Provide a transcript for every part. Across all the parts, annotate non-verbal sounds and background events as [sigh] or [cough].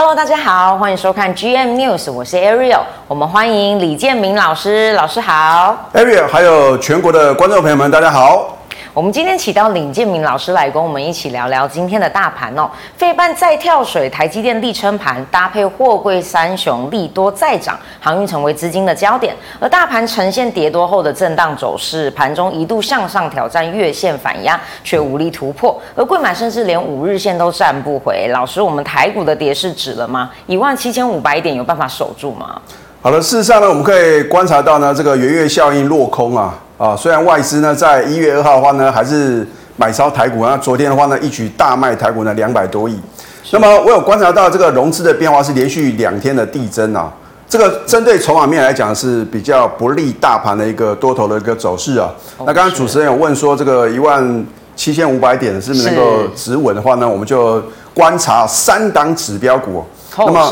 Hello，大家好，歡迎收看 GM News，我是 Ariel，我們歡迎李健明老師，老師好，Ariel，還有全國的觀眾朋友們，大家好。我們今天請到李健明老師來跟我們一起聊聊今天的大盤哦。費半再跳水，台積電力撐盤，搭配貨櫃三雄利多再漲，航運成為資金的焦點。而大盤呈現跌多後的震盪走勢，盤中一度向上挑戰月線反壓，卻無力突破。而櫃買甚至連五日線都站不回。老師，我們台股的跌勢止了嗎？一萬七千五百點有辦法守住嗎？好了，事實上呢，我們可以觀察到呢，這個元月效應落空啊。啊，雖然外資呢，在一月二號的話呢，還是買超台股，那昨天的話呢，一舉大賣台股呢兩百多億。是那麼我有觀察到這個融資的變化是連續兩天的遞增啊，這個針對籌碼面來講是比較不利大盤的一個多頭的一個走勢啊。哦，那剛剛主持人有問說，這個一萬七千五百點是不是能夠止穩的話呢，是我們就觀察三檔指標股。那麼，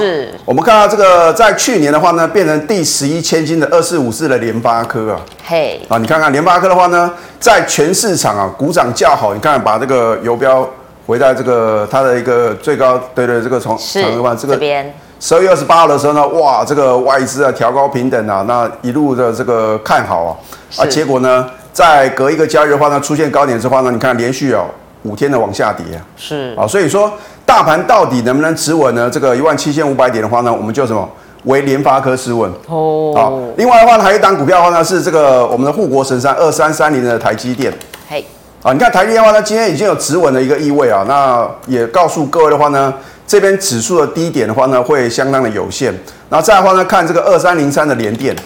我們看到這個，在去年的話呢，變成第十一千金的二四五四的聯發科啊，嘿，Hey. 啊，你看看聯發科的話呢，在全市場啊，鼓掌叫好，你看把這個游標回到這個它的一個最高的，對，對對，這個從，是這邊十二月二十八號，的時候呢，哇，這個外資啊調高平等啊，那一路的這個看好啊，是啊，結果呢，在隔一個交易的話呢，出現高點之後呢，你看連續啊、哦、五天的往下跌啊，是啊，所以說。大盤到底能不能止穩呢？這個一萬七千五百點的話呢，我們就什麼？為聯發科止穩。oh. 哦。另外的話呢，還有一檔股票的話呢，是這個我們的護國神山二三三零的台積電。嘿，啊，你看台積電的話呢，今天已經有止穩的一個意味啊。那也告訴各位的話呢，這邊指數的低點的話呢，會相當的有限。那再的話呢，看這個二三零三的聯電。啊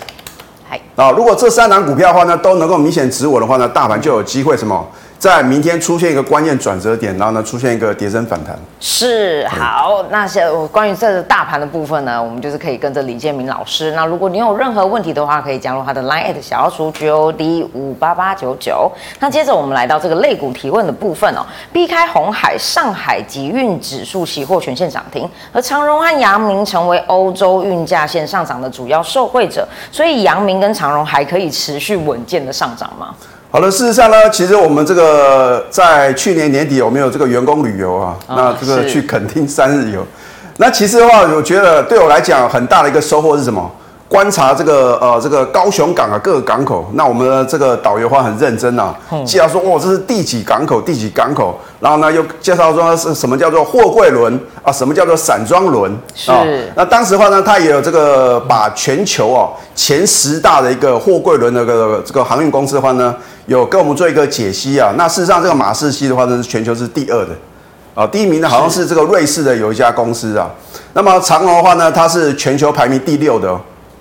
嘿、哦，如果這三檔股票的話呢，都能夠明顯止穩的話呢，大盤就有機會什麼？在明天出現一個關鍵轉折點，然後呢出現一個跌升反彈，是以好。那先關於這個大盤的部分呢，我們就是可以跟着李健明老師。那如果你有任何問題的話，可以加入他的 Line at 小老鼠 G O D 五八八九九。嗯、那接着我們來到這個類股提問的部分哦，避開紅海，上海集運指數期貨全線漲停，而長榮和陽明成為歐洲運價線上漲的主要受惠者，所以陽明跟長榮還可以持續穩健的上漲嗎？嗯好了，事實上呢，其實我們這個在去年年底有沒有這個員工旅遊啊？哦、那這個去墾丁三日遊，是那其實的話，我覺得對我來講很大的一個收穫是什麼？觀察這個呃，這個高雄港啊，各個港口。那我們的這個導遊的話很認真吶、啊，既然、嗯、說哦，這是第幾港口，第幾港口。然後呢，又介紹說是什麼叫做貨櫃輪啊，什麼叫做散裝輪啊。是那當時的話呢，他也有這個把全球哦前十大的一個貨櫃輪那個這個航運公司的話呢，有跟我們做一個解析啊。那事實上，這個馬士基的話呢是全球是第二的啊，第一名的好像是這個瑞士的有一家公司啊。是那麼長榮的話呢，它是全球排名第六的。哦。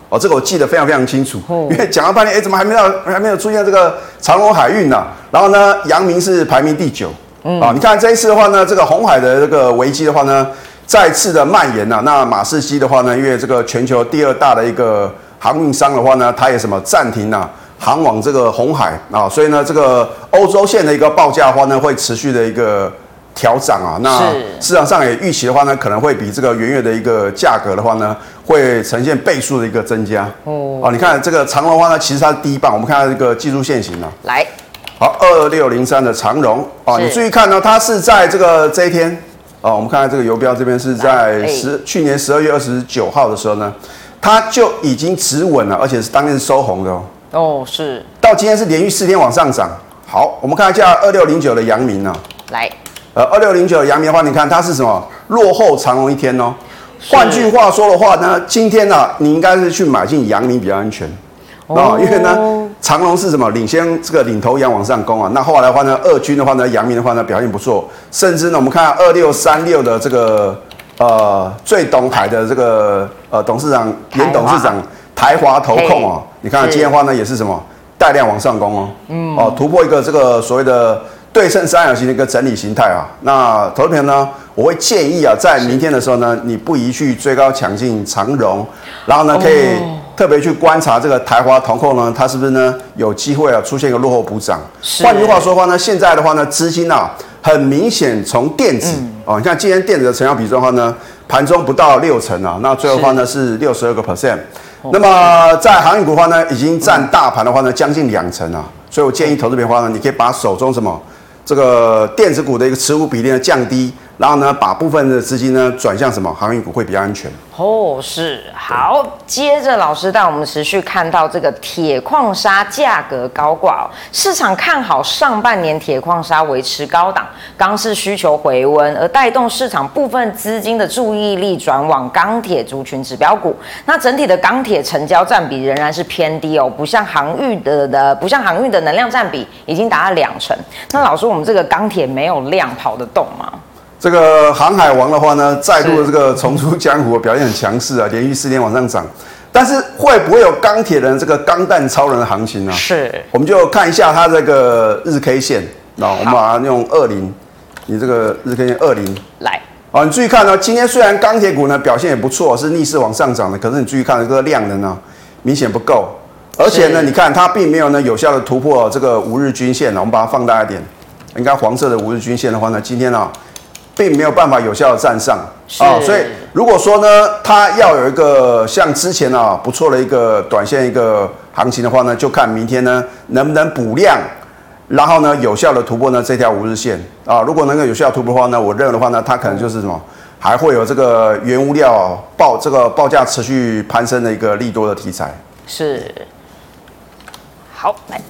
哦，這個我記得非常非常清楚，嗯、因為講了半天，哎，怎麼還沒有到？還沒有出現這個長榮海運呢、啊？然後呢，陽明是排名第九，嗯、啊，你看這一次的話呢，這個紅海的這個危機的話呢，再次的蔓延啊。那馬士基的話呢，因為這個全球第二大的一個航運商的話呢，它也什麼暫停了、啊、航往這個紅海啊，所以呢，這個歐洲線的一個報價的話呢，會持續的一個調漲啊。那市場上也預期的話呢，可能會比這個元月的一個價格的話呢。會呈現倍數的一個增加、嗯、哦，你看這個長榮的話呢，其實它是第一棒。我們看看這個技術線型啊，來，好，二六零三的長榮哦，是你注意看呢、哦，它是在這個這一天哦，我們看看這個游標這邊是在十來去年十二月二十九號的時候呢，欸、它就已經止穩了，而且是當天是收紅的哦。哦，是到今天是連續四天往上漲。好，我們看一下二六零九的陽明呢、啊，來，呃，二六零九的陽明的話，你看它是什麼落後長榮一天哦。換是句話說的話呢，今天呢，啊，你應該是去買進陽明比較安全，哦，啊，因為呢，長榮是什麼領先這個領頭羊往上攻啊，那後來的話呢，二軍的話呢，陽明的話呢表現不錯，甚至呢，我們看二六三六的這個呃最懂台的這個呃董事長顏董事長台驊海投控哦，啊，嘿你看，啊、是今天的話呢也是什麼帶量往上攻哦，啊，哦，嗯啊、突破一個這個所謂的。對稱三角形的一個整理形態啊，那投資朋友呢，我會建議啊，在明天的時候呢，你不宜去追高搶進長榮，是然後呢，可以特別去觀察這個台華同控呢，它是不是呢，有機會啊，出現一個落後補漲。是換句話說話呢，現在的話呢，資金啊，很明顯從電子啊，你、嗯哦、像今天電子的成交比重的話呢，盤中不到六成啊，那最後的話呢是六十二個 percent，那麼在航運股的話呢，已經占大盤的話呢，將近兩成啊，所以我建議投資朋友的話呢，你可以把手中什麼？這個電子股的一個持股比例的降低。然後呢，把部分的資金呢轉向什麼航運股會比較安全哦。Oh, 是好，對接着老師帶我們持續看到這個鐵礦砂價格高掛哦，市場看好上半年鐵礦砂維持高檔，鋼市需求回溫，而帶動市場部分資金的注意力轉往鋼鐵族群指標股。那整體的鋼鐵成交佔比仍然是偏低哦，不像航運的的不像航運的能量佔比已經達到兩成。那老師，我們這個鋼鐵沒有量跑得動嗎？這個航海王的話呢，再度的這個重出江湖，表現很強勢啊，是連續四天往上漲。但是會不會有鋼鐵人這個鋼彈超人的行情呢？啊？是，我們就看一下它這個日 K 線。那我們把它用二零好，你這個日 K 線二零來啊。你注意看哦，今天雖然鋼鐵股呢表現也不錯，是逆勢往上漲的，可是你注意看這個量能啊，明顯不夠。而且呢，是你看它並沒有呢有效的突破這個五日均線，啊、我們把它放大一點，應該黃色的五日均線的話呢，今天啊。並沒有辦法有效的站上啊是、哦，所以如果說呢，它要有一個像之前啊、哦、不錯的一個短線一個行情的話呢，就看明天呢能不能補量，然後呢有效的突破呢這條五日線啊、哦，如果能夠有效突破的話呢，我認為的話呢，它可能就是什麼，還會有這個原物料報、哦、這個報價持續攀升的一個利多的題材。是，好，來。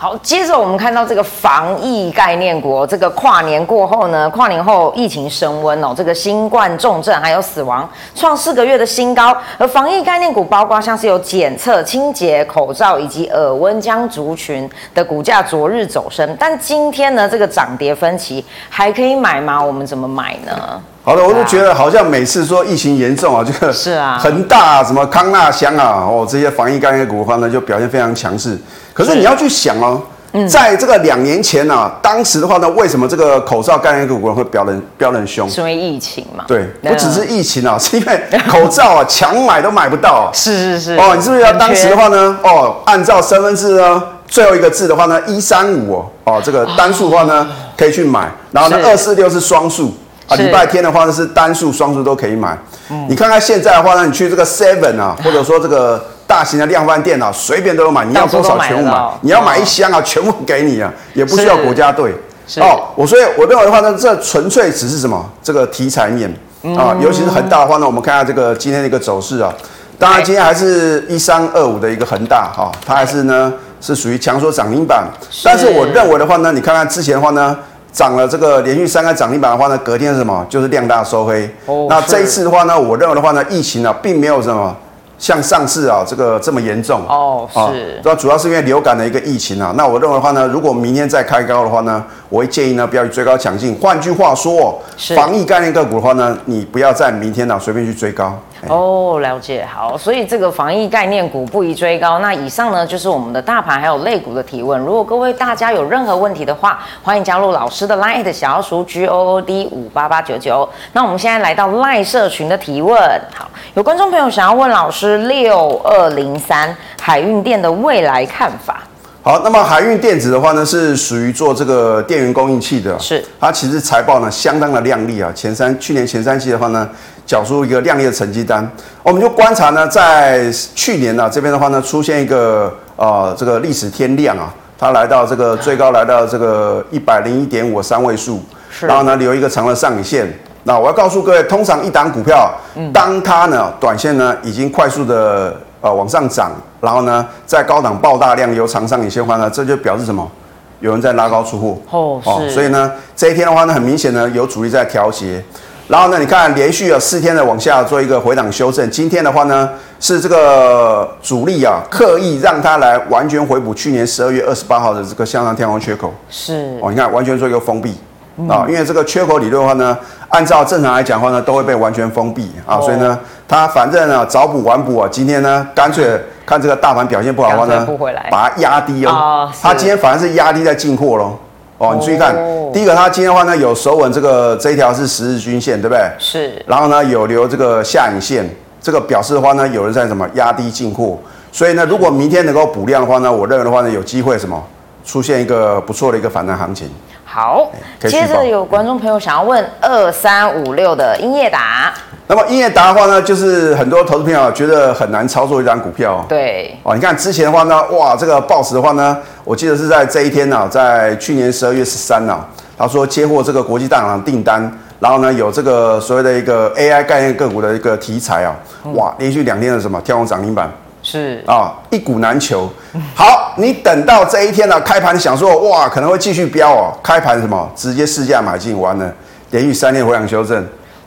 好，接着我們看到這個防疫概念股，這個跨年過後呢，跨年後疫情升溫哦，這個新冠重症還有死亡創四個月的新高，而防疫概念股包括像是有檢測、清潔、口罩以及耳溫槍族群的股價昨日走升，但今天呢，這個漲跌分歧，還可以買嗎？我們怎麼買呢？好的，我就覺得好像每次說疫情嚴重啊，就是是啊，恆大什麼康那香啊，哦，這些防疫概念股的話呢，就表現非常強勢。可是你要去想哦，嗯、在這個兩年前呢、啊，當時的話呢，為什麼這個口罩概念股會表現表現很凶？是因為疫情嘛。對，嗯、不只是疫情啊，是因為口罩啊， [laughs] 搶買都買不到、啊。是是是。哦，你是不是要當時的話呢？確哦，按照身份證呢，最後一個字的話呢，一三五哦哦，這個單數的話呢，哦、可以去買。然後呢，二四六是雙數。是啊，禮拜天的話呢是單數、雙數都可以買。嗯、你看看現在的話呢，你去這個 Seven 啊，或者說這個大型的量販店啊，隨便都有買。你要多少全部買，嗯、你要買一箱啊，全部給你啊，也不需要國家隊哦。我所以我認為的話呢，這純粹只是什麼這個題材面、嗯、啊，尤其是恆大的話呢，我們看下這個今天的一個走勢啊。當然今天還是一三二五的一個恆大哈、哦，它還是呢、嗯、是屬於強縮漲停板，但是我認為的話呢，你看看之前的話呢。漲了這個連續三個漲停板的話呢，隔天是什麼？就是量大收黑。Oh, 那這一次的話呢，是我認為的話呢，疫情啊並沒有什麼像上次啊這個這麼嚴重。哦、oh, 啊，是。那主要是因為流感的一個疫情啊。那我認為的話呢，如果明天再開高的話呢，我會建議呢不要去追高搶進。換句話說、哦，是防疫概念個股的話呢，你不要在明天啊隨便去追高。哦，了解，好，所以這個防疫概念股不宜追高。那以上呢就是我們的大盤還有類股的提問。如果各位大家有任何問題的話，歡迎加入老師的 Line 小老鼠 G O O D 五八八九九。那我們現在來到賴社群的提問，好，有觀眾朋友想要問老師六二零三海韻電的未來看法。好，那麼海運電子的話呢，是屬於做這個電源供應器的。是，它其實財報呢相當的亮麗啊，前三去年前三季的話呢，繳出一個亮麗的成績單。我們就觀察呢，在去年呢，啊，這邊的話呢，出現一個呃這個歷史天量啊，它來到這個最高來到這個一百零一點五三位數，是，然後呢留一個長的上影線。那我要告訴各位，通常一檔股票，當它呢短線呢已經快速的。呃，往上漲，然後呢，在高檔爆大量，由長上影線的話呢，這就表示什麼？有人在拉高出貨。Oh, 哦，是。所以呢，這一天的話呢，很明顯呢，有主力在調節。然後呢，你看連續有四天的往下做一個回檔修正，今天的話呢，是這個主力啊刻意讓它來完全回補去年十二月二十八號的這個向上天空缺口，是。哦，你看完全做一個封閉。啊、嗯哦，因為這個缺口理論的話呢，按照正常來講的話呢，都會被完全封閉啊，哦、所以呢，它反正呢早補晚補啊，今天呢乾脆看這個大盤表現不好的話呢，不回來，把它壓低哦。它今天反正是壓低在進貨嘍。哦，你注意看，哦、第一個它今天的話呢有守穩這個這一條是十日均線，對不對？是。然後呢有留這個下影線，這個表示的話呢有人在什麼壓低進貨，所以呢如果明天能夠補量的話呢，我認為的話呢有機會什麼出現一個不錯的一個反彈行情。好，接着有觀眾朋友想要問二三五六的英業達，嗯、那麼英業達的話呢，就是很多投資朋友覺得很難操作一檔股票、哦，對，哦，你看之前的話呢，哇，這個 Boss 的話呢，我記得是在這一天呢、啊，在去年十二月十三呢，他說接獲這個國際大廠訂單，然後呢有這個所謂的一個 AI 概念個股的一個題材啊，哇，連續兩天的什麼跳空漲停板。是啊、哦，一股難求。好，你等到這一天呢、啊，開盤想說哇，可能會繼續飆哦。開盤什麼，直接市價買進完了，連續三年回檔修正，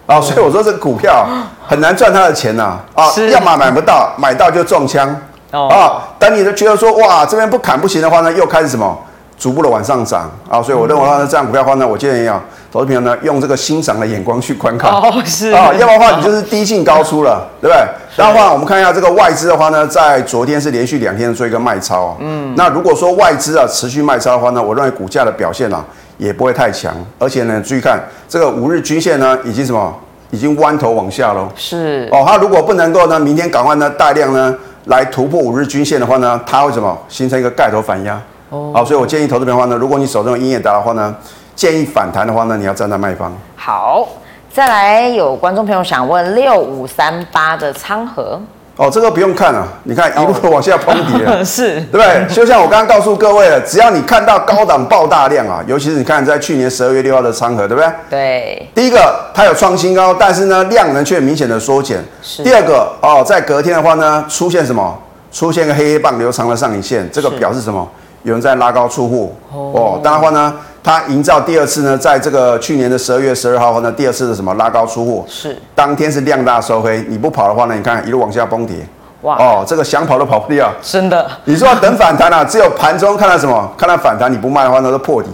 啊、哦，所以我說這個股票很難賺他的錢吶。啊，哦、是要麼買不到，買到就中槍。哦，當你都覺得說哇，這邊不砍不行的話呢，又開始什麼？逐步的往上漲啊，所以我認為的話漲股票的話呢，Okay. 我建議啊，投資朋友呢，用這個欣賞的眼光去觀看、oh, 是啊，要不然的話，你就是低進高出了，對不對？那的話，我們看一下這個外資的話呢，在昨天是連續兩天做一個賣超、哦、嗯，那如果說外資啊持續賣超的話呢，我認為股價的表現啊也不會太強，而且呢，注意看這個五日均線呢，已經什麼，已經彎頭往下嘍，是，哦，它如果不能夠呢，明天趕快呢，大量呢來突破五日均線的話呢，它會什麼，形成一個蓋頭反壓。好、oh, okay. 哦，所以，我建議投資朋友的話呢，如果你手中有英業達的話呢，建議反彈的話呢，你要站在賣方。好，再來，有觀眾朋友想問六五三八的倉和哦，這個不用看了、啊，你看一路往下碰底了，oh. [laughs] 是。對不對？就像我剛剛告訴各位了，只要你看到高檔爆大量啊， [laughs] 尤其是你看在去年十二月六號的倉和對不對？對，第一個它有創新高，但是呢量能卻明顯的縮減。是第二個哦，在隔天的話呢，出現什麼？出現個黑黑棒，留長的上影線，這個表示什麼？有人在拉高出貨、oh. 哦，當然話呢，他營造第二次呢，在這個去年的十二月十二號後呢，第二次的什麼拉高出貨是，當天是量大收黑，你不跑的話呢，你看一路往下崩跌，哇 Wow. 哦，這個想跑都跑不掉、啊，真的，你說要等反彈啊， [laughs] 只有盤中看到什麼，看到反彈你不賣的話呢，那都破底，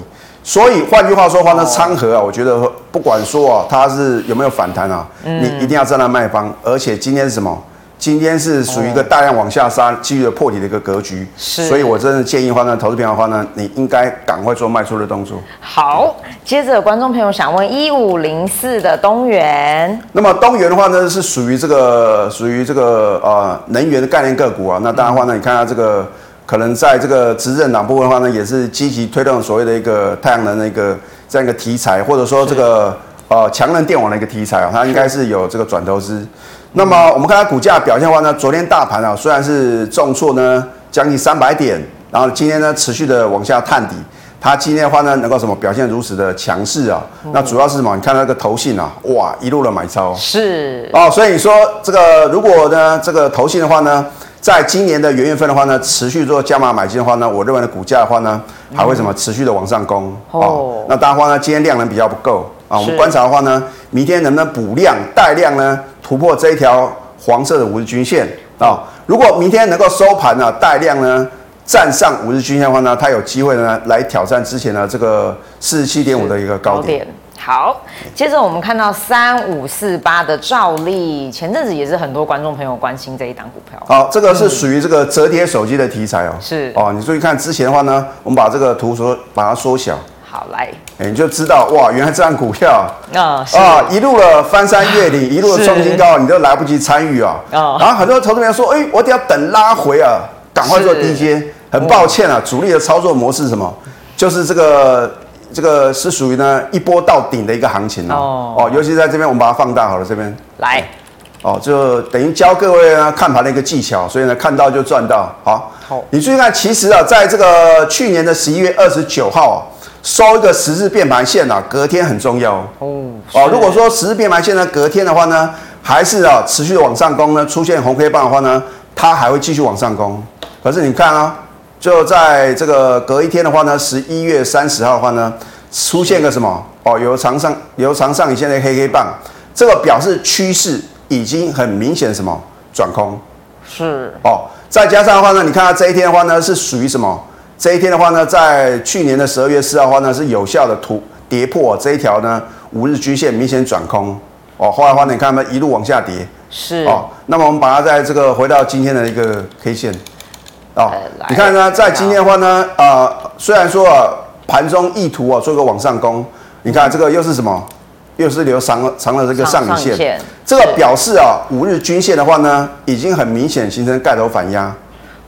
所以換句話說的話，oh. 那倉河啊，我覺得不管說啊，它是有沒有反彈啊，嗯、你一定要站在那賣方，而且今天是什麼？今天是屬於一個大量往下殺，繼續的破底的一個格局，是的所以，我真的建議的話呢，投資朋友的話呢，你應該趕快做賣出的動作。好，接着觀眾朋友想問一五零四的東元，嗯、那麼東元的話呢，是屬於這個屬於這個呃能源的概念個股啊，那當然話呢，嗯、你看它這個可能在這個執政黨部分的話呢，也是積極推動所謂的一個太陽能的一個這樣一個題材，或者說這個的呃強能電網的一個題材啊，它應該是有這個轉投資。嗯、那麼我們看它股價表現的話呢，昨天大盤啊雖然是重挫呢，將近三百點，然後今天呢持續的往下探底，它今天的話呢能夠什麼表現如此的強勢啊？嗯、那主要是什麼？你看那個投信啊，哇，一路的買超。是。哦，所以你說這個如果呢這個投信的話呢，在今年的元月份的話呢，持續做加碼買進的話呢，我認為的股價的話呢還會什麼持續的往上攻。嗯、哦，哦。那當然話呢，今天量能比較不夠。啊，我們觀察的話呢，明天能不能補量帶量呢？突破這一條黃色的五日均線啊。如果明天能夠收盤呢、啊，帶量呢，站上五日均線的話呢，它有機會呢來挑戰之前的這個四十七點五的一個高點。高點好，接着我們看到三五四八的兆利，前陣子也是很多觀眾朋友關心這一檔股票。好、啊，這個是屬於這個摺疊手機的題材哦。是。哦、啊，你注意看之前的話呢，我們把這個圖說把它縮小。好，來。欸、你就知道哇，原來這檔股票啊、哦、是啊一路的翻山越嶺，啊、一路的創新高，是你都來不及參與啊。啊、哦，然後很多投資人說：“哎、欸，我得要等拉回啊，趕快做低接。是”很抱歉啊，哇主力的操作模式什麼？就是這個這個是屬於呢一波到頂的一個行情啊。哦，哦，尤其在這邊我們把它放大好了，這邊來哦，就等於教各位呢看盤的一個技巧，所以呢看到就賺到。好好，你注意看，其實啊，在這個去年的十一月二十九號。收一個十字變盤線吶、啊，隔天很重要哦。嗯、哦，如果說十字變盤線呢，隔天的話呢，還是啊持續的往上攻呢，出現紅黑棒的話呢，它還會繼續往上攻。可是你看啊，就在這個隔一天的話呢，十一月三十號的話呢，出現個什麼？是哦，有長上有長上影線的黑黑棒，這個表示趨勢已經很明顯什麼轉空？是。哦，再加上的話呢，你看它這一天的話呢，是屬於什麼？這一天的話呢，在去年的十二月四號的話呢，是有效的突跌破這一條呢，五日均線明顯轉，明顯轉空哦。後來的話呢，你看它一路往下跌，是哦。那麼我們把它在這個回到今天的一個 K 線哦。呃、你看呢，來在今天的話呢，後呃，雖然說盤中意圖啊、哦、做一個往上攻，嗯、你看這個又是什麼？又是留長了長了這個上影線，一線這個表示啊、哦、對五日均線的話呢，已經很明顯形成蓋頭反壓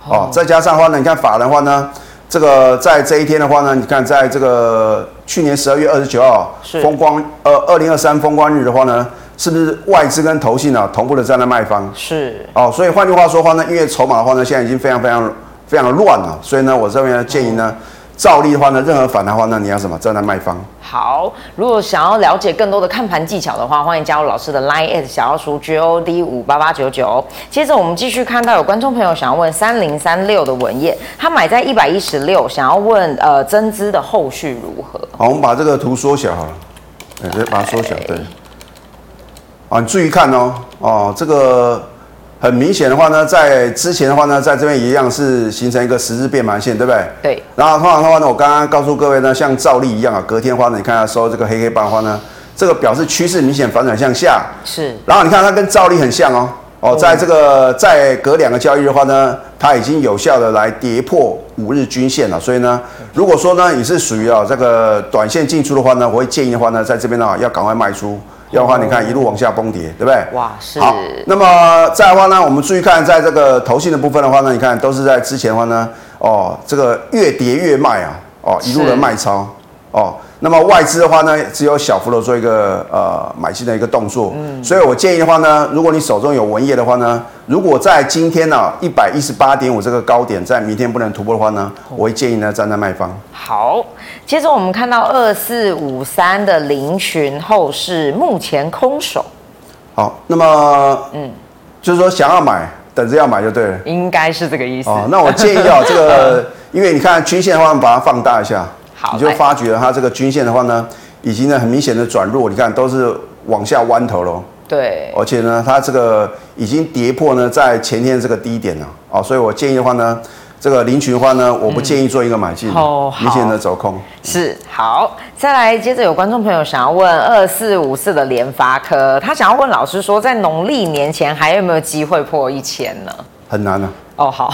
哦，哦。再加上的話呢，你看法人的話呢？這個在這一天的話呢，你看，在這個去年十二月二十九號封關，是呃，二零二三封關日的話呢，是不是外資跟投信啊同步的站在賣方？是哦，所以換句話說話呢，因為籌碼的話呢，現在已經非常非常非常的亂了，所以呢，我這邊建議呢。嗯照例的話呢，任何反的話呢，那你要什麼站在賣方？好，如果想要了解更多的看盤技巧的話，歡迎加入老師的 LINE at 小奧叔 J O D 五八八九九。接着我們繼續看到有觀眾朋友想要問三零三六的文曄，他買在一百一十六，想要問呃增資的後續如何？好，我們把這個圖縮小好了，直接把它縮小，對。啊唉、哦，你注意看哦，哦，這個。很明顯的話呢，在之前的話呢，在這邊一樣是形成一個十字變盤線，對不對？對。然後通常的話呢，我剛剛告訴各位呢，像兆利一樣啊，隔天的話呢，你看它收這個黑黑棒的話呢，這個表示趨勢明顯反轉向下。是。然後你看它跟兆利很像哦，哦，在這個在隔兩個交易日的話呢，它已經有效的來跌破五日均線了，所以呢。如果說呢，也是屬於啊這個短線進出的話呢，我會建議的話呢，在這邊呢、啊、要趕快賣出。要的話你看一路往下崩跌，哦、對不對？哇，是。那麼再的話呢，我們注意看，在這個投信的部分的話呢，你看都是在之前的話呢，哦，這個越跌越賣啊，哦，一路的賣超。哦，那麼外資的話呢，只有小幅度做一個呃買進的一個動作。嗯，所以我建議的話呢，如果你手中有文業的話呢，如果在今天呢一百一十八點五這個高點在明天不能突破的話呢，我會建議呢站在賣方。好，接着我們看到二四五三的凌群後市目前空手。好，那麼嗯，就是說想要買，等着要買就對了。應該是這個意思。哦，那我建議啊，這個 [laughs] 、嗯、因為你看均線的話，我們把它放大一下。好你就發覺了它這個均線的話呢，已經呢很明顯的轉弱，你看都是往下彎頭嘍。對，而且呢，它這個已經跌破呢在前天這個低點了。哦，所以我建議的話呢，這個臨群的話呢，嗯、我不建議做一個買進，哦、明顯的走空。是。好，再來接着有觀眾朋友想要問二四五四的聯發科，他想要問老師說，在農曆年前還有沒有機會破一千呢？很難呢、啊。哦，oh, 好。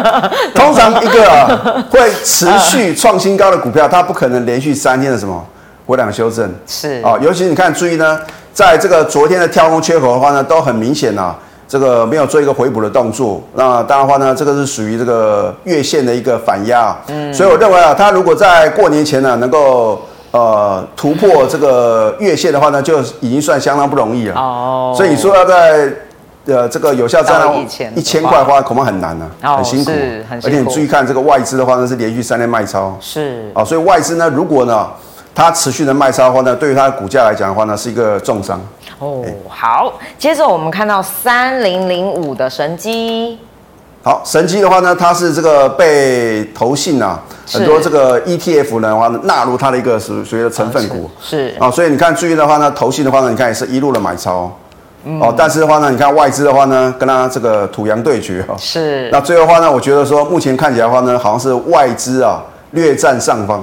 [laughs] 通常一個、啊、 [laughs] 會持續創新高的股票，它、啊、不可能連續三天的什麼過量修正。是啊，尤其你看，注意呢，在這個昨天的跳空缺口的話呢，都很明顯啊。這個沒有做一個回補的動作，那當然的話呢，這個是屬於這個月線的一個反壓。嗯。所以我認為啊，它如果在過年前呢、啊，能夠呃突破這個月線的話呢，就已經算相當不容易了。哦。Oh. 所以你說要在。呃，這個有效賺了一千塊話，的話恐怕很難呢、啊哦啊，很辛苦。而且你注意看這個外資的話呢，是連續三天賣超。是啊、哦，所以外資呢，如果呢它持續的賣超的話呢，對於它的股價來講的話呢，是一個重傷。哦，欸、好，接着我們看到三零零五的神基。好，神基的話呢，它是這個被投信啊，是很多這個 ETF 呢的話呢納入它的一個屬屬於成分股。嗯、是啊、哦，所以你看注意的話呢，投信的話呢，你看也是一路的買超、哦。哦，但是的話呢，你看外資的話呢，跟他這個土洋對決啊、哦，是。那最後的話呢，我覺得說目前看起來的話呢，好像是外資啊、哦、略占上方。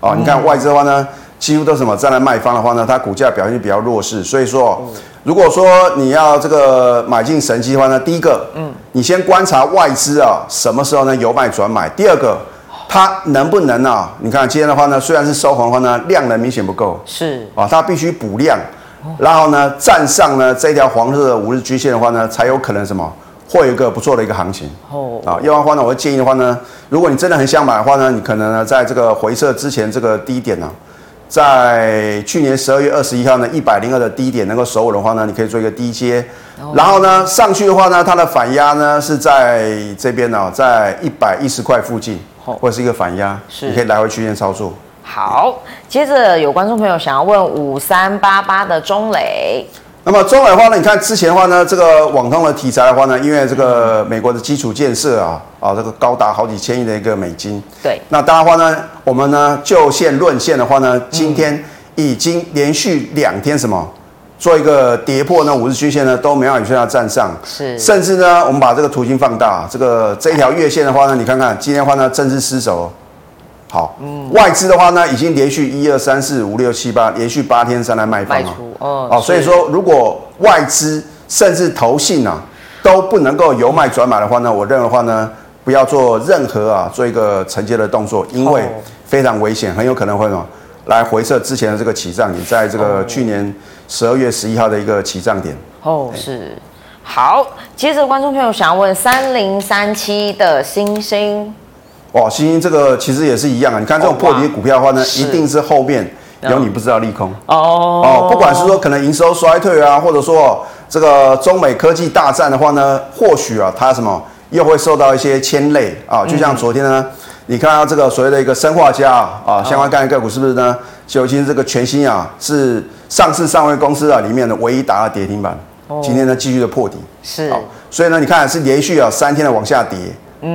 啊、哦，你看外資的話呢，嗯、幾乎都什麼站在賣方的話呢，它股價表現比較弱勢。所以說，嗯、如果說你要這個買進神機的話呢，第一個，嗯，你先觀察外資啊、哦、什麼時候呢由賣轉買。第二個，它能不能啊、哦？你看今天的話呢，雖然是收紅的話呢，量能明顯不夠。是。啊、哦，它必須補量。然後呢，站上呢這條黃色的五日均線的話呢，才有可能什麼，會有一個不錯的一個行情。Oh. 哦，啊，另外的話呢，我會建議的話呢，如果你真的很想買的話呢，你可能呢，在這個回撤之前這個低點呢、啊，在去年十二月二十一號呢一百零二的低點能夠守穩的話呢，你可以做一個低接。Oh. 然後呢，上去的話呢，它的反壓呢是在這邊呢、哦，在一百一十塊附近，oh. 或者是一個反壓，是你可以來回區間操作。好，接着有觀眾朋友想要問五三八八的中磊，那麼中磊的話呢？你看之前的話呢，這個網通的題材的話呢，因為這個美國的基礎建設啊啊，這個高達好幾千億的一個美金，對。那當然話呢，我們呢就線論線的話呢，今天已經連續兩天什麼、嗯、做一個跌破那五日均線呢，都沒辦法去那站上，是。甚至呢，我們把這個圖形放大，這個這一條月線的話呢，你看看今天的話呢，正式失守。好，嗯、外資的話呢，已經連續一二三四五六七八，連續八天上來賣房了賣哦，啊、是所以說如果外資甚至投信啊都不能夠由賣轉買的話呢，我認為話呢不要做任何啊做一個承接的動作，因為非常危險，很有可能會什麼來回測之前的這個起漲你，在這個去年十二月十一號的一個起漲點。哦，是、欸、好，接着觀眾朋友想要問三零三七的欣興。哦，欣欣這個其實也是一樣啊。你看這種破底的股票的話呢，哦、一定是後面有你不知道利空哦,哦不管是說可能營收衰退啊，或者說這個中美科技大戰的話呢，或許啊，它什麼又會受到一些牽累啊。就像昨天呢，嗯、你看到這個所謂的一個生化家啊相關概念個股是不是呢？就今天這個全新啊，是上市上櫃公司啊裡面的唯一打的跌停板，哦、今天呢繼續的破底是、哦。所以呢，你看是連續啊三天的往下跌。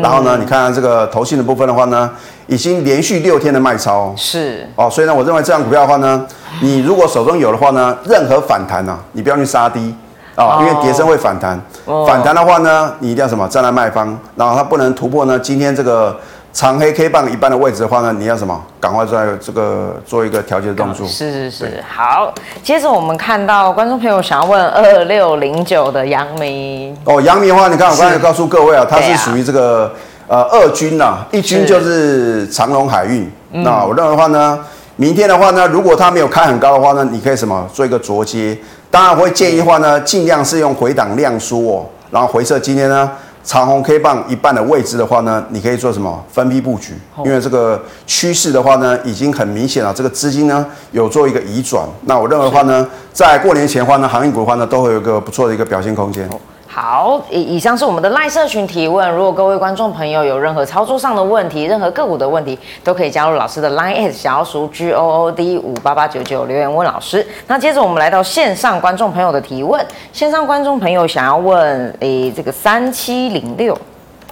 然後呢，嗯、你看這個投信的部分的話呢，已經連續六天的賣超哦是哦，所以呢，我認為這檔股票的話呢，你如果手中有的話呢，任何反彈啊，你不要去殺低啊，哦哦、因為跌深會反彈，哦、反彈的話呢，你一定要什麼站在賣方，然後它不能突破呢，今天這個。長黑 K 棒一半的位置的話呢，你要什麼？趕快在這個做一個調節動作，哦。是是是，對好。接着我們看到觀眾朋友想要問二六零九的陽明哦，陽明的話，你看我剛才告訴各位啊，是它是屬於這個，啊、呃二軍吶、啊，一軍就是長榮海運。是那我認為的話呢，明天的話呢，如果它沒有開很高的話呢，你可以什麼做一個捉接？當然我會建議的話呢，盡、嗯、量是用回檔量縮，然後回撤今天呢。長紅 K 棒一半的位置的話呢，你可以做什麼分批布局？因為這個趨勢的話呢，已經很明顯了。這個資金呢，有做一個移轉。那我認為的話呢，在過年前的話呢，航運股的話呢，都會有一個不錯的一個表現空間。好，以上是我們的 Line 社群提問。如果各位觀眾朋友有任何操作上的問題、任何個股的問題，都可以加入老師的 Line s 小組 G O O D 五八八九九留言問老師。那接着我們來到線上觀眾朋友的提問。線上觀眾朋友想要問誒、欸、這個三七零六，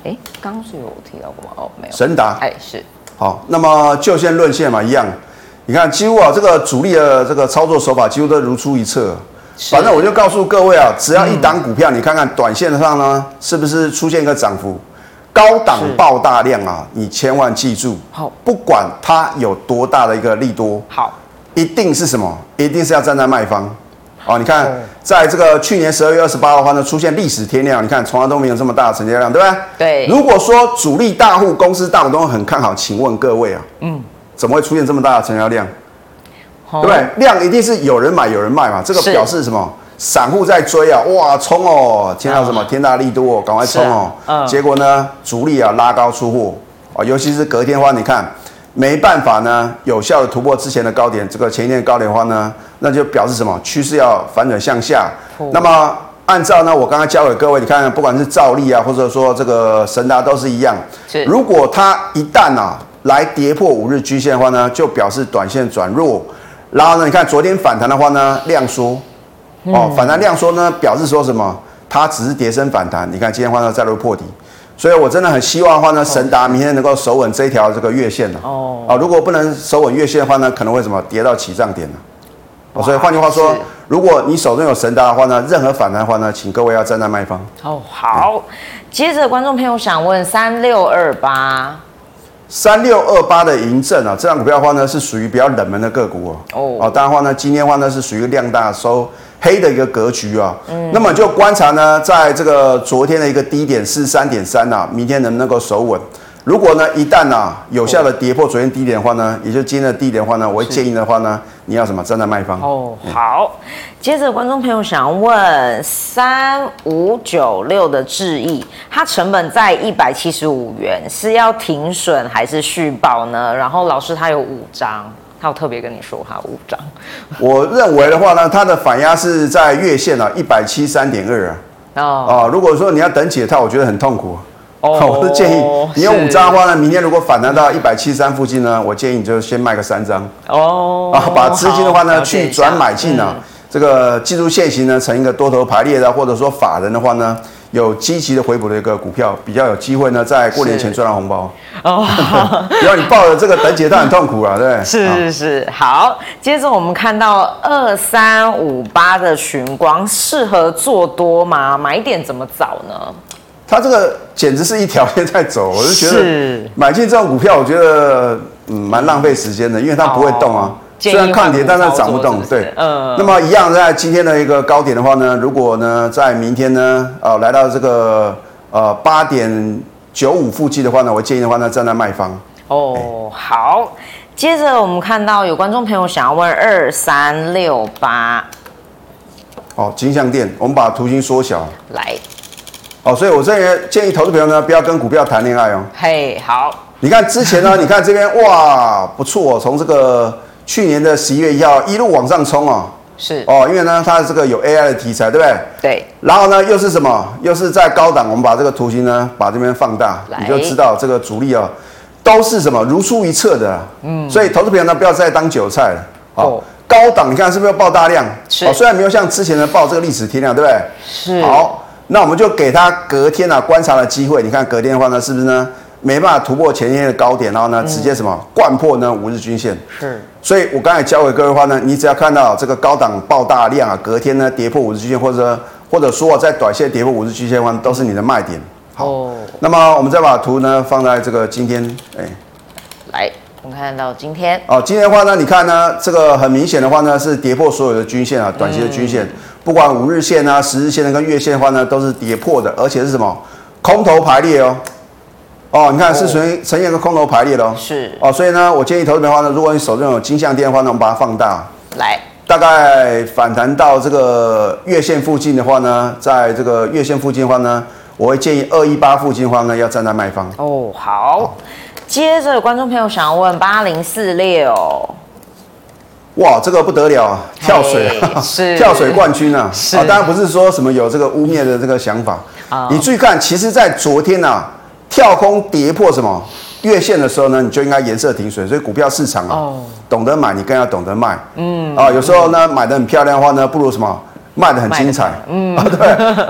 哎，剛是有提到過嗎哦，oh, 沒有。神達達，哎、欸，是。好，那麼就線論線嘛一樣。你看，幾乎啊這個主力的這個操作手法，幾乎都如出一轍。是反正我就告訴各位啊，只要一檔股票，嗯、你看看短線上呢，是不是出現一個漲幅，高檔爆大量啊？是你千萬記住，好、哦，不管它有多大的一個利多，好，一定是什麼？一定是要站在賣方啊、哦！你看，哦、在這個去年十二月二十八號的話呢，出現歷史天量，你看從來都沒有這麼大的成交量，對不對？對。如果說主力大戶、公司大股東很看好，請問各位啊，嗯，怎麼會出現這麼大的成交量？對不對，量一定是有人買有人賣嘛，這個表示什麼？是散戶在追啊，哇，衝哦，見到什麼、啊、天大利多哦，趕快衝哦。啊呃、結果呢，主力啊拉高出貨啊，尤其是隔天的話，你看沒辦法呢，有效的突破之前的高點，這個前一天高點的話呢，那就表示什麼？趨勢要反轉向下。普那麼按照呢，我剛剛教給各位，你看不管是兆利啊，或者說這個神達都是一樣。是如果它一旦啊來跌破五日均線的話呢，就表示短線轉弱。然後呢，你看昨天反彈的話呢，量縮，嗯、哦，反彈量縮呢，表示說什麼？它只是跌深反彈。你看今天話呢，再度破底，所以我真的很希望的話呢，哦、神達明天能夠守穩這一條這個月線、啊、哦，啊、哦，如果不能守穩月線的話呢，可能會什麼跌到起漲點呢、啊？哦哇，所以換句話說，是如果你手中有神達的話呢，任何反彈的話呢，請各位要站在賣方。哦，好。嗯、接着，觀眾朋友想問三六二八。三六二八的盈正啊，這檔股票的話呢，是屬於比較冷門的個股哦、啊。哦、oh. 啊，當然的話呢，今天的話呢是屬於量大收、so, 黑的一個格局啊。嗯、那麼就觀察呢，在這個昨天的一個低點四三點三吶，明天能不能夠守穩？如果呢一旦啊，有效的跌破昨天的低點的話呢，oh. 也就今天的低點的話呢，我會建議的話呢。你要什麼？站在賣方哦，oh, 嗯、好。接着，觀眾朋友想要問三五九六的智易，它成本在一百七十五元，是要停損還是續保呢？然後老師他他，他有五張，他有特別跟你說，哈，五張。我認為的話呢，它的反壓是在月線啊，一百七十三點二啊。哦、oh. 啊，如果說你要等解套，我覺得很痛苦。哦，我是建議你用五張的話呢，明天如果反彈到一百七十三附近呢，我建議你就先賣個三張哦，啊，把資金的話呢去轉買進啊，這個技術線型呢成一個多頭排列的，或者說法人的話呢有積極的回補的一個股票，比較有機會呢在過年前賺到紅包哦。要你抱著這個，等解套很痛苦啊，對對？是是是，好，接着我們看到二三五八的群光適合做多嗎？買點怎麼找呢？它這個簡直是一條線在走，我就覺得買進這檔股票，我覺得嗯蠻浪費時間的，因為它不會動啊。哦、雖然看跌，但它漲不動。是不是對，呃、那麼一樣，在今天的一個高點的話呢，如果呢在明天呢，呃，來到這個呃八點九五附近的話呢，我建議的話呢，站在賣方。哦，欸、好。接着我們看到有觀眾朋友想要問二三六八，哦，金像電我們把圖形縮小來。哦，所以我這邊建議投資朋友呢，不要跟股票談戀愛哦。嘿，hey, 好。你看之前呢， [laughs] 你看這邊哇，不錯、哦，從這個去年的十一月一號一路往上衝哦。是。哦，因為呢，它這個有 AI 的題材，對不對？對。然後呢，又是什麼？又是在高檔。我們把這個圖形呢，把這邊放大，來你就知道這個主力啊、哦，都是什麼如出一轍的。嗯。所以投資朋友呢，不要再當韭菜了。哦。Oh. 高檔，你看是不是要爆大量？是、哦。雖然沒有像之前的爆這個歷史天量，對不對？是。好。那我們就給他隔天啊，觀察的機會，你看隔天的話呢，是不是呢？沒辦法突破前一天的高點，然後呢，直接什麼摜破呢五日均線？所以，我剛才教給各位的話呢，你只要看到這個高檔爆大量啊，隔天呢跌破五日均線，或者，或者說在短線跌破五日均線的話，都是你的賣點。好。那麼，我們再把圖呢放在這個今天，哎，來，我們看到今天。哦，今天的話呢，你看呢，這個很明顯的話呢，是跌破所有的均線啊，短期的均線。嗯不管五日線啊、十日線啊，跟月線的話呢，都是跌破的，而且是什麼空頭排列哦，哦，你看是成呈現個空頭排列嘍，哦，是，哦，所以呢，我建議投資的話呢，如果你手中有金像電的話，呢，我們把它放大來，大概反彈到這個月線附近的話呢，在這個月線附近的話呢，我會建議二一八附近的話呢，要站在賣方。哦，好，好，接着觀眾朋友想問八零四六。哇，這個不得了啊！跳水啊，hey, 是跳水冠軍啊！是啊，當然不是說什麼有這個污蔑的這個想法。哦、你注意看，其實，在昨天啊，跳空跌破什麼月線的時候呢，你就應該顏色停損。所以股票市場啊，哦、懂得買，你更要懂得賣。嗯啊，有時候呢，嗯、買得很漂亮的話呢，不如什麼賣得很精彩。嗯啊，對。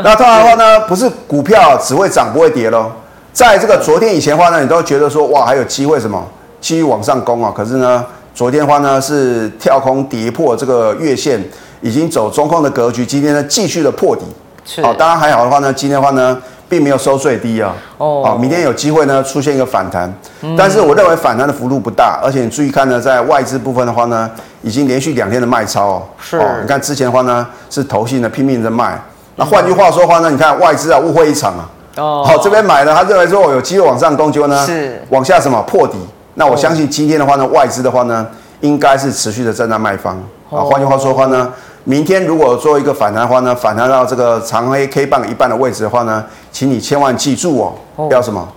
那當然的話呢，對不是股票只會漲不會跌咯。在這個昨天以前的話呢，你都覺得說，哇，還有機會什麼繼續往上攻啊？可是呢？昨天的話呢，是跳空跌破這個月線，已經走中空的格局。今天呢繼續的破底，好是、哦，當然還好的話呢，今天的話呢並沒有收最低啊、哦。哦，哦，明天有機會呢出現一個反彈，嗯、但是我認為反彈的幅度不大。而且你注意看呢，在外資部分的話呢，已經連續兩天的賣超、哦。是、哦，你看之前的話呢是投信的拼命的賣，那換、嗯、句話說的話呢，你看外資啊誤會一場啊。哦，哦，這邊買了，他認為說我有機會往上攻擊呢，是往下什麼破底。那我相信今天的話呢，oh. 外資的話呢，應該是持續的在那賣方、oh. 啊。換句話說的話呢，oh. 明天如果做一個反彈的話呢，反彈到這個長黑 K 棒一半的位置的話呢，請你千萬記住哦、喔，oh. 不要什麼？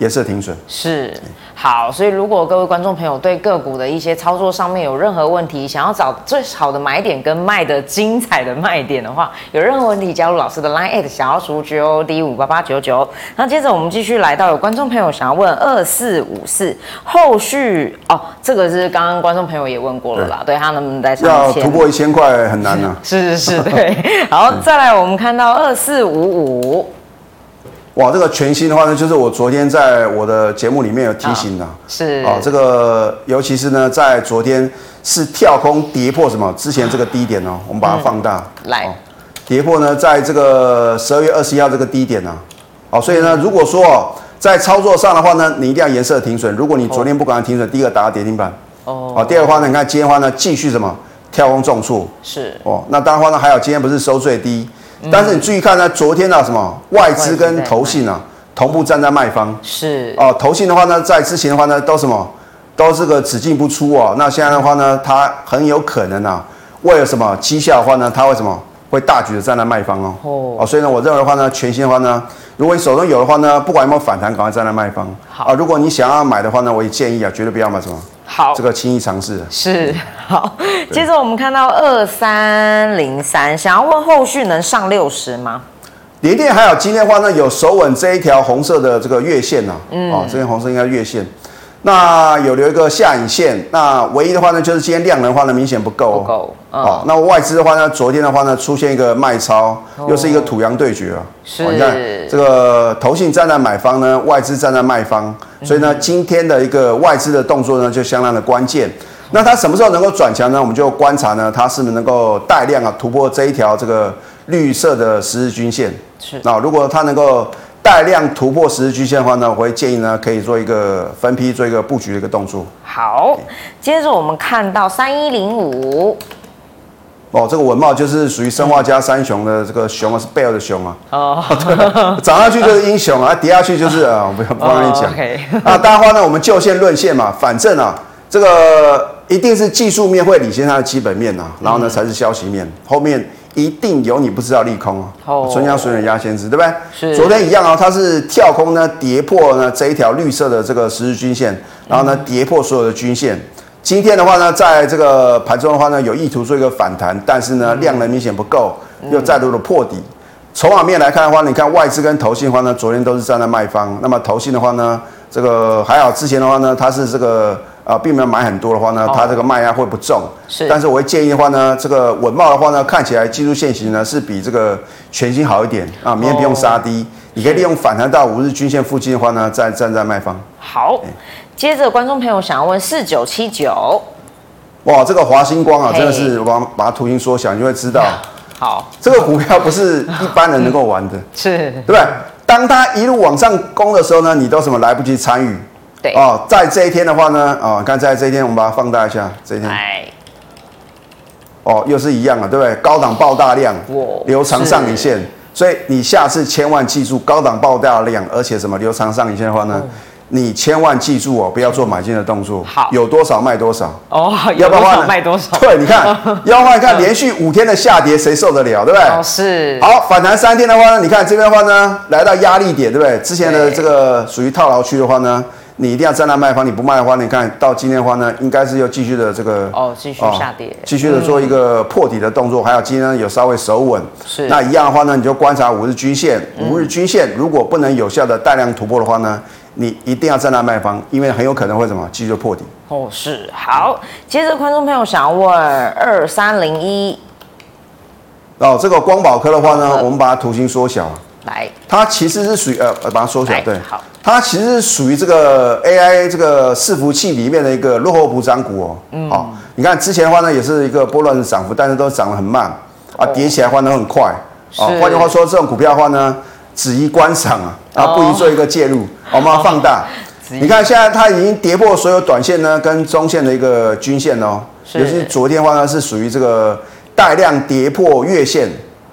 也是停損是好，所以如果各位觀眾朋友對個股的一些操作上面有任何問題，想要找最好的買點跟賣的精彩的賣點的話，有任何問題加入老師的 Line at 想要出局 GOD 五八八九九。那接着我們繼續來到有觀眾朋友想要問二四五四後續哦，這個是剛剛觀眾朋友也問過了啦，對，對他能不能再要突破一千塊很難呢、啊？是是是對。好，再來我們看到二四五五。哇，這個全新的話呢，就是我昨天在我的節目裡面有提醒的，啊是啊、哦，這個尤其是呢，在昨天是跳空跌破什麼之前這個低點呢、哦，啊、我們把它放大、嗯、來、哦、跌破呢，在這個十二月二十一號這個低點呢、啊，哦，所以呢，如果說、哦、在操作上的話呢，你一定要嚴守停損，如果你昨天不敢停損，哦、第一個打到跌停板，哦,哦，第二的話呢，你看今天的話呢，繼續什麼跳空重觸，是哦，那當然的話呢，還有今天不是收最低。但是你注意看呢，嗯、昨天呢、啊、什麼外資跟投信呢、啊、同步站在賣方是哦，投信的話呢，在之前的話呢都什麼，都這個只進不出哦。那現在的話呢、嗯、它很有可能啊為了什麼績效的話呢，它為什麼會大舉的站在賣方哦哦，哦，所以呢，我認為的話呢，全新的話呢，如果你手中有的話呢，不管有沒有反彈，趕快站在賣方好啊，如果你想要買的話呢，我也建議啊絕對不要買什麼。好這個輕易嘗試是好。接着我們看到二三零三，想要問後續能上六十嗎？點點還有今天話呢，有守穩這一條紅色的這個月線啊嗯，啊、喔，這條紅色應該是月線。那有留一個下影線，那唯一的話呢，就是今天量能的話呢，明顯不夠、喔。不夠啊！喔、那外資的話呢，昨天的話呢，出現一個賣超，哦、又是一個土洋對決啊！是，喔、你看這個投信站在買方呢，外資站在賣方，嗯、哼所以呢，今天的一個外資的動作呢，就相當的關鍵。嗯、哼那它什麼時候能夠轉強呢？我們就觀察呢，它是不是能夠帶量啊，突破這一條這個綠色的十日均線？是。那、喔、如果它能夠。帶量突破十日均線的話呢，我會建議呢，可以做一個分批做一個布局的一個動作。好，接着我們看到三一零五，哦，這個穩懋就是屬於砷化鎵三雄的這個熊啊，嗯、是貝爾的熊啊。哦，哦對漲，上去就是英雄啊，跌下去就是，呃我哦 okay、啊，不要不跟你講。那大家話呢，我們就線論線嘛，反正啊，這個一定是技術面會領先它的基本面啊，然後呢才是消息面、嗯、後面。一定有你不知道利空啊！春江、oh, 水暖鴨先知，對不對？是昨天一樣啊、哦，它是跳空呢，跌破呢這一條綠色的這個十日均線，然後呢跌破所有的均線。嗯、今天的話呢，在這個盤中的話呢，有意圖做一個反彈，但是呢量能明顯不夠，又再度的破底。從畫、嗯、面來看的話，你看外資跟投信的話呢，昨天都是站在賣方。那麼投信的話呢，這個還好，之前的話呢，它是這個。啊，並沒有買很多的話呢，oh. 它這個賣壓會不重。是，但是我會建議的話呢，這個穩懋的話呢，看起來技術線型呢是比這個全新好一點啊。明天不用殺低，oh. 你可以利用反彈到五日均線附近的話呢，再站在賣方。好，欸、接着觀眾朋友想要問四九七九，哇，這個華星光啊，Hey. 真的是我把它圖形縮小，你就會知道，yeah. 好，這個股票不是一般人能夠玩的， [laughs] 嗯、是，對不對？當它一路往上攻的時候呢，你都什麼來不及參與。哦，在這一天的話呢，哦，看在這一天我們把它放大一下，這一天，哦，又是一樣了，對不對？高檔爆大量，留長上影線，所以你下次千萬記住，高檔爆大量，而且什麼留長上影線的話呢，你千萬記住哦，不要做買進的動作，好，有多少賣多少，哦，有多少賣多少，對，你看，要換看連續五天的下跌，誰受得了，對不對？是，好，反彈三天的話呢，你看這邊的話呢，來到壓力點，對不對？之前的這個屬於套牢區的話呢，你一定要站在賣方，你不賣的話，你看到今天的話呢，應該是要繼續的這個哦，繼續下跌，哦、繼續的做一個破底的動作。嗯、還有今天有稍微守穩，是那一樣的話呢，你就觀察五日均線，嗯、五日均線如果不能有效的大量突破的話呢，你一定要站在賣方，因為很有可能會什麼繼續破底。哦，是好。接着觀眾朋友想問二三零一，哦，這個光寶科的話呢，我們把它圖形縮小。來，它其實是屬於呃把它縮小，來對，好，它其實是屬於這個 AI 這個伺服器裡面的一個落後補漲股，哦，嗯，好、哦，你看之前的話呢，也是一個波段的漲幅，但是都漲得很慢啊，哦、跌起來的話都很快，啊是，換、哦、句話說，這種股票的話呢，只宜觀賞啊，啊，不宜做一個介入，哦、我們要放大，好你看現在它已經跌破所有短線呢跟中線的一個均線哦，是尤其昨天的話呢是屬於這個帶量跌破月線。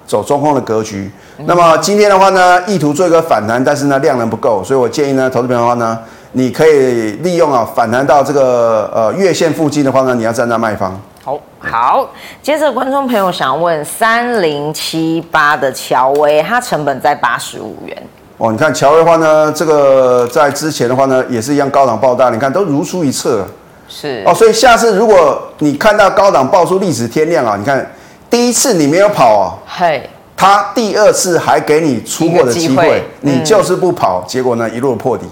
走中空的格局，嗯、哼那麼今天的話呢，意圖做一個反彈，但是呢量能不夠，所以我建議呢，投資朋友的話呢，你可以利用啊反彈到這個呃月線附近的話呢，你要站在賣方。好，好，接着觀眾朋友想問三零七八的喬威，它成本在八十五元。哦，你看喬威的話呢，這個在之前的話呢，也是一樣高檔爆大，你看都如出一轍。是哦，所以下次如果你看到高檔爆出歷史天量啊，你看。第一次你沒有跑哦，嘿，他第二次還給你出貨的機會，機會嗯、你就是不跑，結果呢一路破底。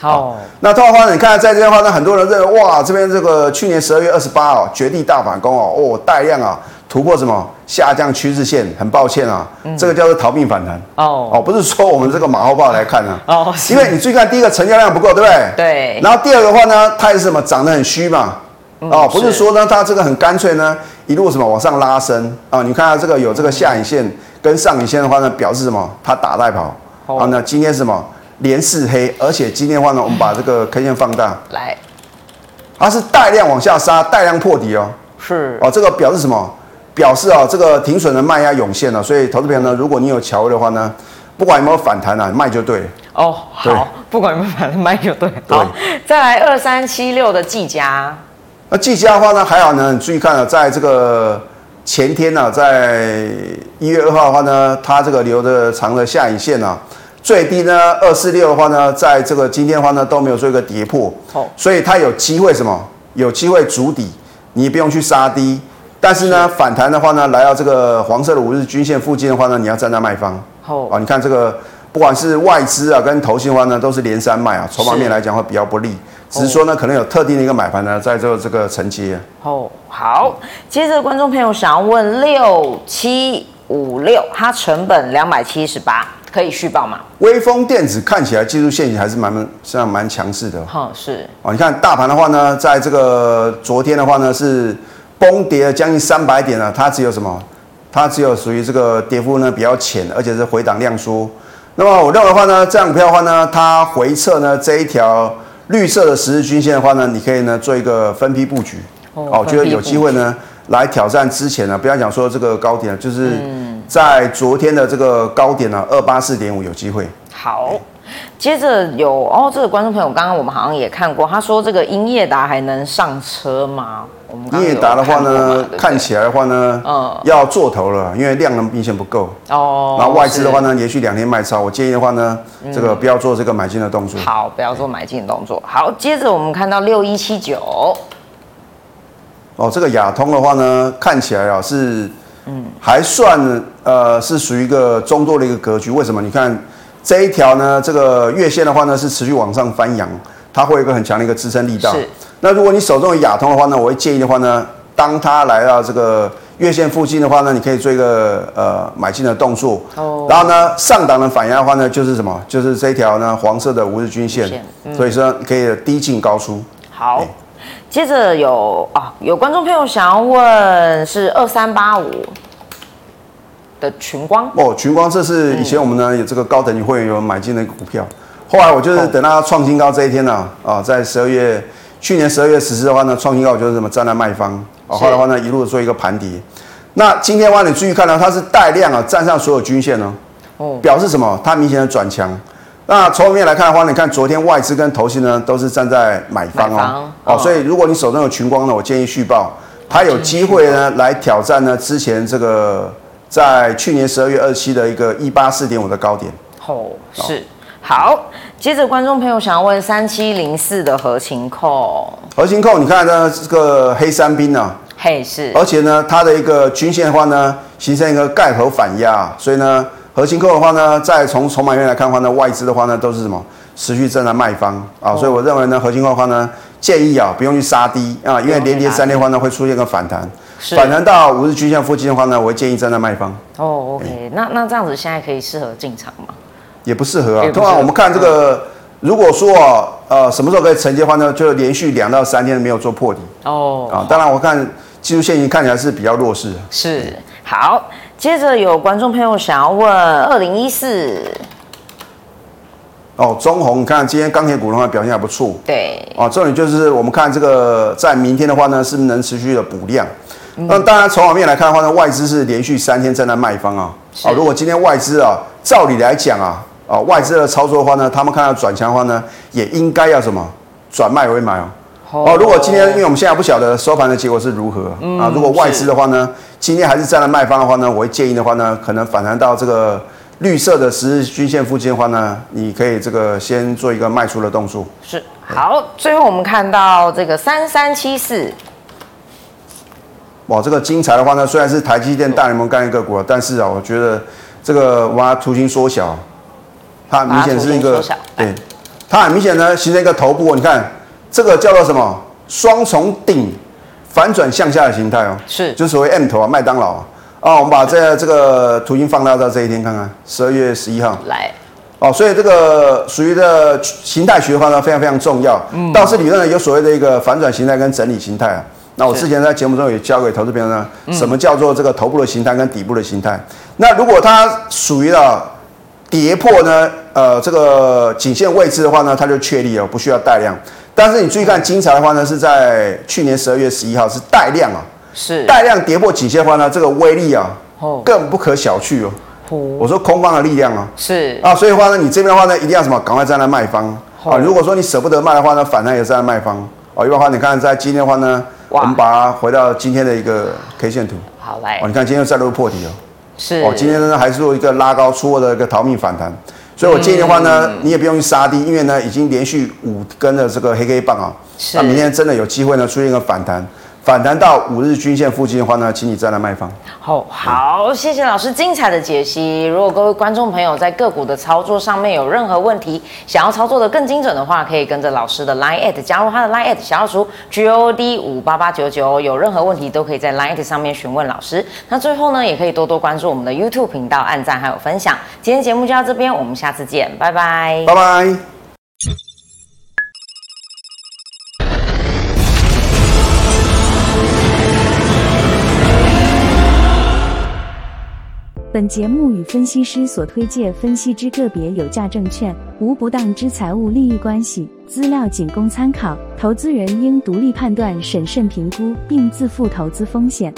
好、oh. 哦，那套話你看在這邊的話呢，呢很多人認、這、為、個、哇，這邊這個去年十二月二十八哦，絕地大反攻哦，哦，帶量啊突破什麼下降趨勢線，很抱歉啊，嗯、這個叫做逃命反彈。哦、oh. 哦，不是說我們這個馬後炮來看啊，哦，oh. 因為你注意看第一個成交量不夠，對不對？對。然後第二個的話呢，它也是什麼漲得很虛嘛。嗯、哦，不是說呢，它這個很乾脆呢，一路什麼往上拉升啊、哦？你看它這個有這個下影線跟上影線的話呢，表示什麼？他打帶跑、oh. 哦、那今天是什麼？連四黑，而且今天的話呢，我們把這個 K 線放大來，它是帶量往下殺，帶量破底哦。是哦，這個表示什麼？表示啊、哦，這個停損的賣壓湧現了、哦。所以投資朋友呢，如果你有橋的話呢，不管有沒有反彈啊，賣就對。哦、oh, 對，好，不管有沒有反彈，賣就對。對，好，再來二三七六的技嘉。那技嘉的話呢，還好呢。你注意看啊、哦，在這個前天啊，在一月二號的話呢，它這個留的長的下影線啊，最低呢二四六的話呢，在這個今天的話呢都沒有做一個跌破，哦、所以它有機會什麼？有機會築底，你不用去殺低。但是呢，是反彈的話呢，來到這個黃色的五日均線附近的話呢，你要站在賣方。哦啊、你看這個，不管是外資啊，跟投信的話呢，都是連三賣啊，籌碼面來講會比較不利。只是說呢，哦、可能有特定的一個買盤呢，在做這個承接。哦，好，接着觀眾朋友想要問六七五六，它成本兩百七十八，可以續抱嗎？威鋒電子看起來技術線型還是蠻像蠻強勢的。哦、嗯，是哦，你看大盤的話呢，在這個昨天的話呢是崩跌了將近三百點了。它只有什麼？它只有屬於這個跌幅呢比較淺，而且是回檔量縮。那麼五六的話呢，這樣票的話呢，它回撤呢這一條。綠色的十日均線的話呢，你可以呢做一個分批布局哦，哦局覺得有機會呢來挑戰之前呢、啊，不要講說這個高點，就是嗯在昨天的這個高點呢二八四點五有機會。嗯、對好。接着有哦，這個觀眾朋友剛剛我們好像也看過，他說這個英業達還能上車嗎？我們英業達的話呢，對對看起來的話呢，嗯、要做頭了，因為量能明顯不夠哦。然後外資的話呢，連續是兩天賣超，我建議的話呢，嗯、這個不要做這個買進的動作。好，不要做買進的動作。嗯、好，接着我們看到六一七九，哦，這個亞通的話呢，看起來啊是，嗯，還算呃是屬於一個中多的一個格局。為什麼？你看。這一條呢，這個月線的話呢，是持續往上翻揚，它會有一個很強的一個支撐力道。是那如果你手中有亞通的話呢，我會建議的話呢，當它來到這個月線附近的話呢，你可以做一個呃買進的動作。Oh. 然後呢，上檔的反壓的話呢，就是什麼？就是這一條呢黃色的五日均線，均線，嗯、所以說可以低進高出。好，欸、接着有啊，有觀眾朋友想要問是二三八五。的群光哦，oh, 群光這是以前我們呢、嗯、有這個高等級會員有買進的一個股票，後來我就是等到他創新高這一天呢，啊，oh. 哦、在十二月去年十二月十四的話呢，創新高就是什麼站在賣方，哦、是後來的話呢一路做一個盤底。那今天的話你注意看到、啊、它是帶量啊，站上所有均線呢，哦，oh. 表示什麼？它明顯的轉強。那從裡面來看的話，你看昨天外資跟投信呢都是站在買方哦，oh. 哦，所以如果你手中有群光呢，我建議續報，它有機會呢、oh. 來挑戰呢之前這個。在去年十二月二七的一個一八四點五的高點，哦，哦是好。接着，觀眾朋友想要問三七零四的合勤控，合勤控你看呢？這個黑三兵呢、啊？嘿，是。而且呢，它的一個均線的話呢，形成一個蓋頭反壓、啊，所以呢，合勤控的話呢，再從從籌碼面來看的話呢，外資的話呢，都是什麼持續正在賣方啊，哦、所以我認為呢，合勤控的話呢。建議啊，不用去殺低啊，因為連跌三天的話呢，會出現個反彈，是反彈到五日均線附近的話呢，我會建議站在賣方。哦，OK，、欸、那那這樣子現在可以適合進場嗎？也不適合啊。通常我們看這個，嗯、如果說啊，呃，什麼時候可以承接的話呢，就連續兩到三天沒有做破底。哦啊，當然我看技術線型看起來是比較弱勢。是、欸、好，接着有觀眾朋友想要問，二零一四。哦，中鴻，你看今天鋼鐵股的話表現還不錯，對，哦、啊，重點就是我們看這個在明天的話呢，是不是能持續的補量？那、嗯、當然從表面來看的話呢，外資是連續三天站在賣方啊，是啊，如果今天外資啊，照理來講啊，啊，外資的操作的話呢，他們看到轉強的話呢，也應該要什麼轉賣為買、啊、哦，哦、啊，如果今天，因為我們現在不曉得收盤的結果是如何、嗯、啊，如果外資的話呢，是今天還是站在賣方的話呢，我會建議的話呢，可能反彈到這個。綠色的十日均線附近的話呢，你可以這個先做一個賣出的動作。是。好，對最後我們看到這個三三七四。哇，這個精彩的話呢，雖然是台積電大聯盟概念股啊，對但是啊，我覺得這個哇圖形縮小，它很明顯是一個，縮小對，對它很明顯呢形成一個頭部，你看這個叫做什麼雙重頂反轉向下的形態哦、喔，是，就所謂 M 頭啊，麥當勞哦，我們把這這個圖形放大到這一天看看，十二月十一號。來，哦，所以這個屬於的形態學的話呢，非常非常重要。嗯，道氏理論呢，嗯、有所謂的一個反轉形態跟整理形態啊。那我之前在節目中也教給投資朋友呢，是什麼叫做這個頭部的形態跟底部的形態？嗯、那如果它屬於了跌破呢，呃，這個頸線位置的話呢，它就確立哦，不需要帶量。但是你注意看剛才的話呢，是在去年十二月十一號是帶量啊。是帶量跌破頸線的話呢，這個威力啊，更不可小覷哦。我說空方的力量啊，是啊，所以的話呢，你這邊的話呢，一定要什麼，趕快站在賣方啊。如果說你舍不得賣的話呢，反彈也站在賣方啊。因為話，你看在今天的話呢，我們把它回到今天的一個 K 線圖。好嘞。哦，你看今天又再度破底了。是。哦，今天呢還是做一個拉高出貨的一個逃命反彈。所以，我建議的話呢，你也不用去殺低，因為呢已經連續五根的這個黑黑棒啊。是。那明天真的有機會呢出現一個反彈。反彈到五日均線附近的話呢，請你再來賣方。好、oh, 好，嗯、謝謝老師精彩的解析。如果各位觀眾朋友在個股的操作上面有任何問題，想要操作得更精準的話，可以跟着老師的 LINE@ 加入他的 LINE@，想要 GOD 五八八九九，99, 有任何問題都可以在 LINE@ 上面詢問老師。那最後呢，也可以多多關注我們的 YouTube 頻道，按讚還有分享。今天節目就到這邊，我們下次見，拜拜，拜拜。本節目與分析師所推介分析之個別有價證券無不當之財務利益關係，資料僅供參考，投資人應獨立判斷、審慎評估，並自負投資風險。